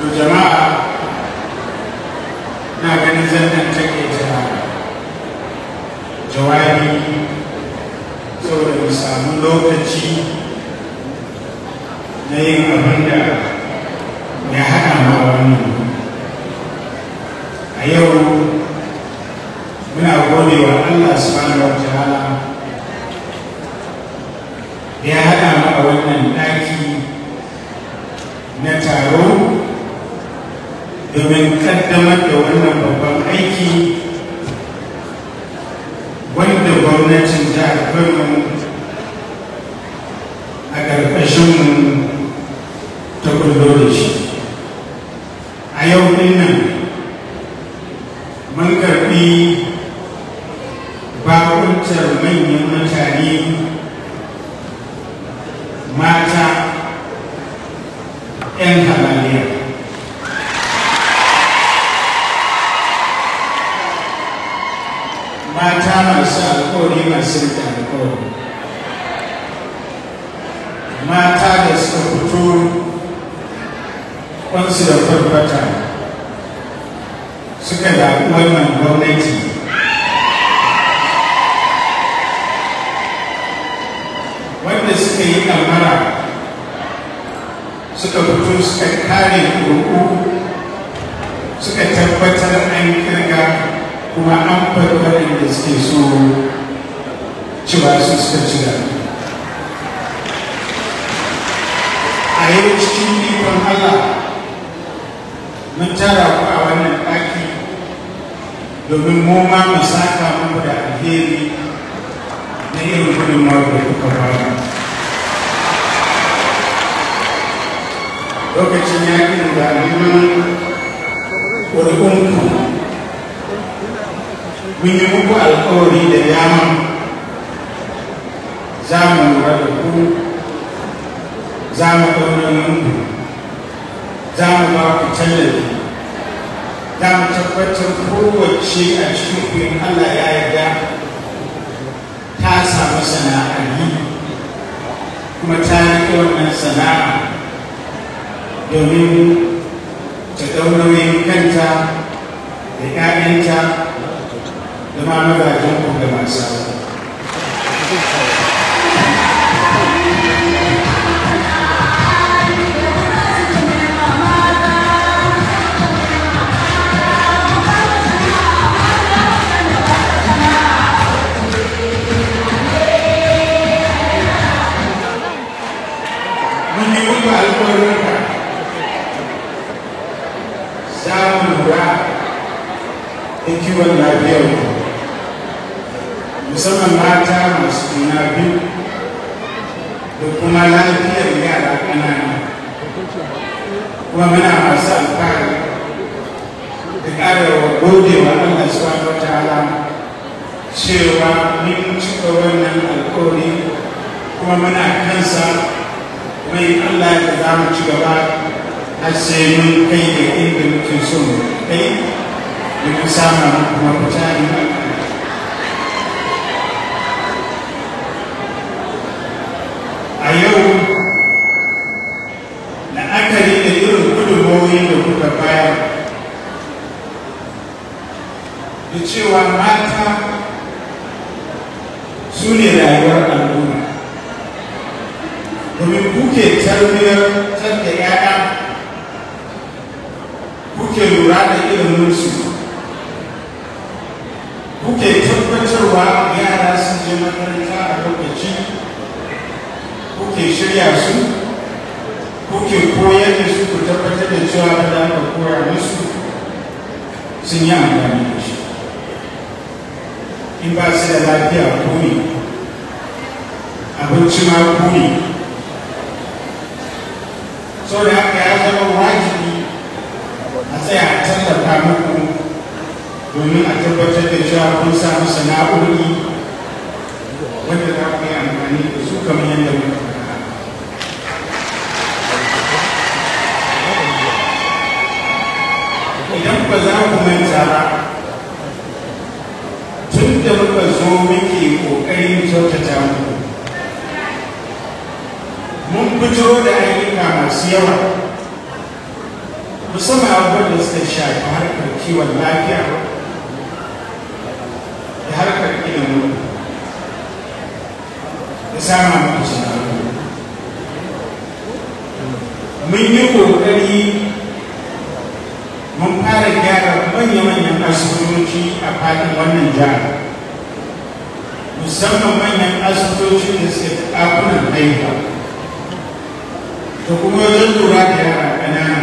to jama'a na ganin zannan take ta jawabi saboda mu samu lokaci na yin abin ya haɗa ma wannan a yau muna gode wa Allah subhanahu wa ta'ala ya haɗa mu a wannan ɗaki na taro kaddamar da wannan babban aiki wanda gwamnatin jihar Kano a ƙarƙashin ta da shi a yau ɗin mun karɓi bakuntar manyan mutane mata 'yan hamaliya kama su alkawari masu rika alkawari mata da suka fito kwansu da farfata suka da wannan gwamnati wanda suka yi kamara suka fito suka kare ƙoƙo suka tabbatar an kirga kuma an faɗi waɗanda suke so cewa su suka ci gaba a yau cikin ikon allah mun tara ku a wannan ɗaki domin mu ma mu saka muku da alheri na irin gudunmawar da kuka fara lokacin yakin da neman ƙuri'unku mun yi muku alkawari da dama za mu lura da ku za mu ɗaure muku za mu ba ku tallafi za mu tabbatar kowace a cikin kuyin allah ya yarda ta samu sana'a yi kuma ta riƙe wannan sana'a domin ta ɗau kanta da 'ya'yanta The man where I don't compare myself. Thank you and I musamman mata masu juna biyu da kuma lafiyar yara ƙanana kuma muna masu alfahari da ƙara gode wa Allah subhanahu wa ta'ala cewa mun cika wannan alƙawari kuma muna kansa mai Allah ya za mu ci gaba har sai mun kai da inda muke so mu kai domin samun mafita ne da cewa mata su ne rayuwar al'umma domin kuke tarbiyyar da yaya kuke lura da iliminsu kuke tabbatarwa yara sun je makaranta a lokaci kuke shirya su kuke koyar da su ku tabbatar da cewa da aka koya musu sun yi amfani da in ba su da lafiya ku ne abinci ma ku ne so da haka ya zama wajibi a tsaya a tallafa muku domin a tabbatar da cewa kun samu sana'o'i wanda za ku yi amfani da su kamar yadda muka idan ba za ku manta ba inda muka zo muke ƙoƙarin kyautata muku mun fito da ayyuka masu yawa musamman abubuwan da suka shafi harkar kiwon lafiya da harkar ilimin da sama muku sana'o'i mun yi ƙoƙari mun fara gyara manya-manyan asibitoci a faɗin wannan jihar musamman manyan asibitocin da suke ɗakunan haihuwa da kuma wajen lura da yara ƙanana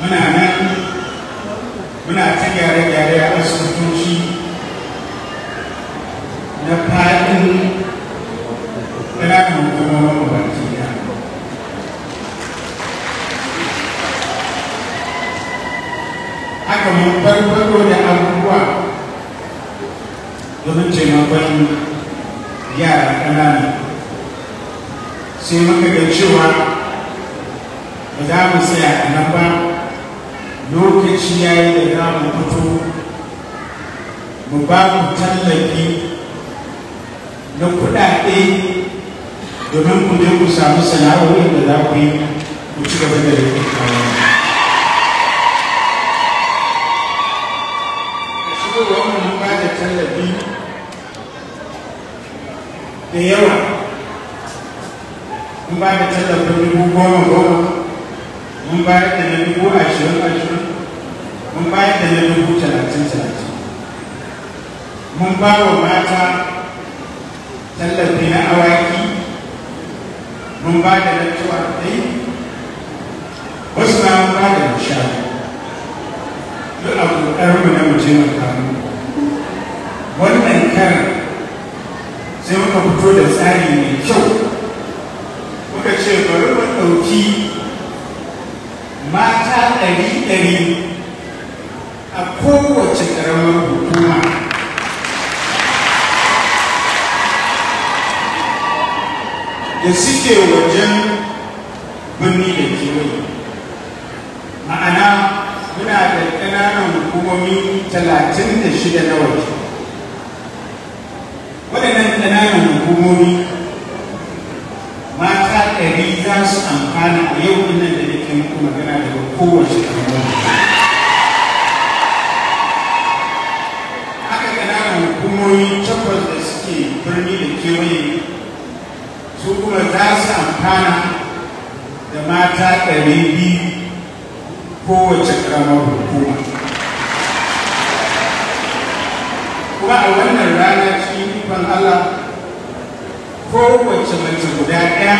muna nan muna ta gyare-gyare a asibitoci na faɗin ƙananan hukumomin baki da haka mun farfado da domin taimakon yara kanana sai muka ga cewa ba za mu tsaya a nan ba lokaci ya yi da za mu fito mu ba mu tallafi na kuɗaɗe domin ku je ku samu sana'o'in da za ku yi ku ci gaba da rikin kawo tallafi da yawa mun ba da tallafin dubu goma goma mun bayar da na dubu ashirin ashirin mun bayar da na dubu talatin talatin mun ba wa mata tallafi na awaki mun ba da lantuwa ɗai wasu na mun ba da sha duk abu ɗarmu na mutum kamu wannan karin sai muka fito da tsari mai kyau muka ce bari mu ɗauki mata ɗari ɗari a kowace ƙaramar hukuma da suke wajen birni da kewaye ma'ana muna da ƙananan hukumomi talatin da shida na waje hukumomi mata ɗari za su amfana a yau nan da nake muku magana daga kowace kamar haka ƙananan hukumomi takwas da suke birni da kewaye su kuma za su amfana da mata ɗari biyu kowace ƙaramar hukuma kuma a wannan rana cikin ikon Allah kowace mace guda ɗaya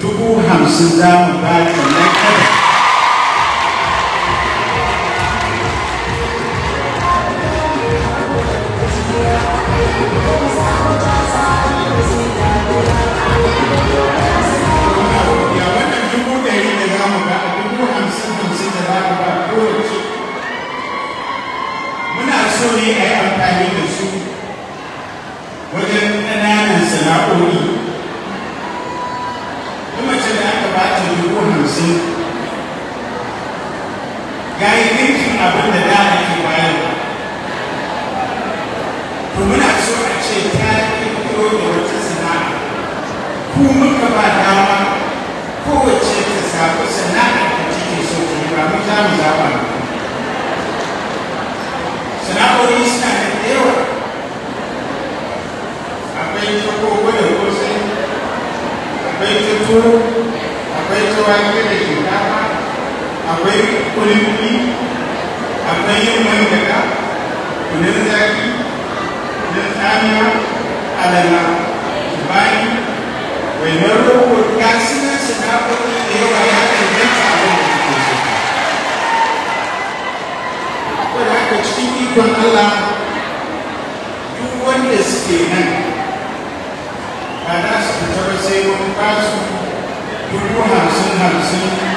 dubu hamsin za mu ba ta na tuwo akwai tuwa ne da shinkafa akwai kulikuli akwai yin man daga kunin zaki kunin tsamiya alala bayan wainar rogo ga su nan su na kuma da yawa ya danganta abin da kuke so. Akwai da haka cikin ikon Allah hamsin dubu hamsin hamsin